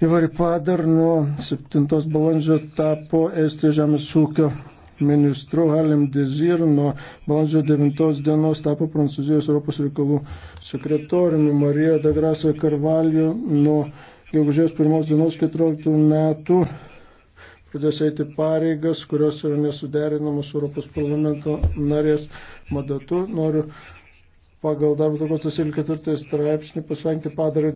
Ivari Padar nuo 7 balandžio tapo Estijos žemės ūkio ministru, Halim Dezir nuo balandžio 9 dienos tapo Prancūzijos Europos reikalų sekretoriumi, Marija Dagrasa Karvalio nuo gegužės 1 dienos 14 metų pradės eiti pareigas, kurios yra nesuderinamos Europos parlamento narės mandatu. Noriu pagal darbo tvarkos 24 straipsnį pasvengti padarą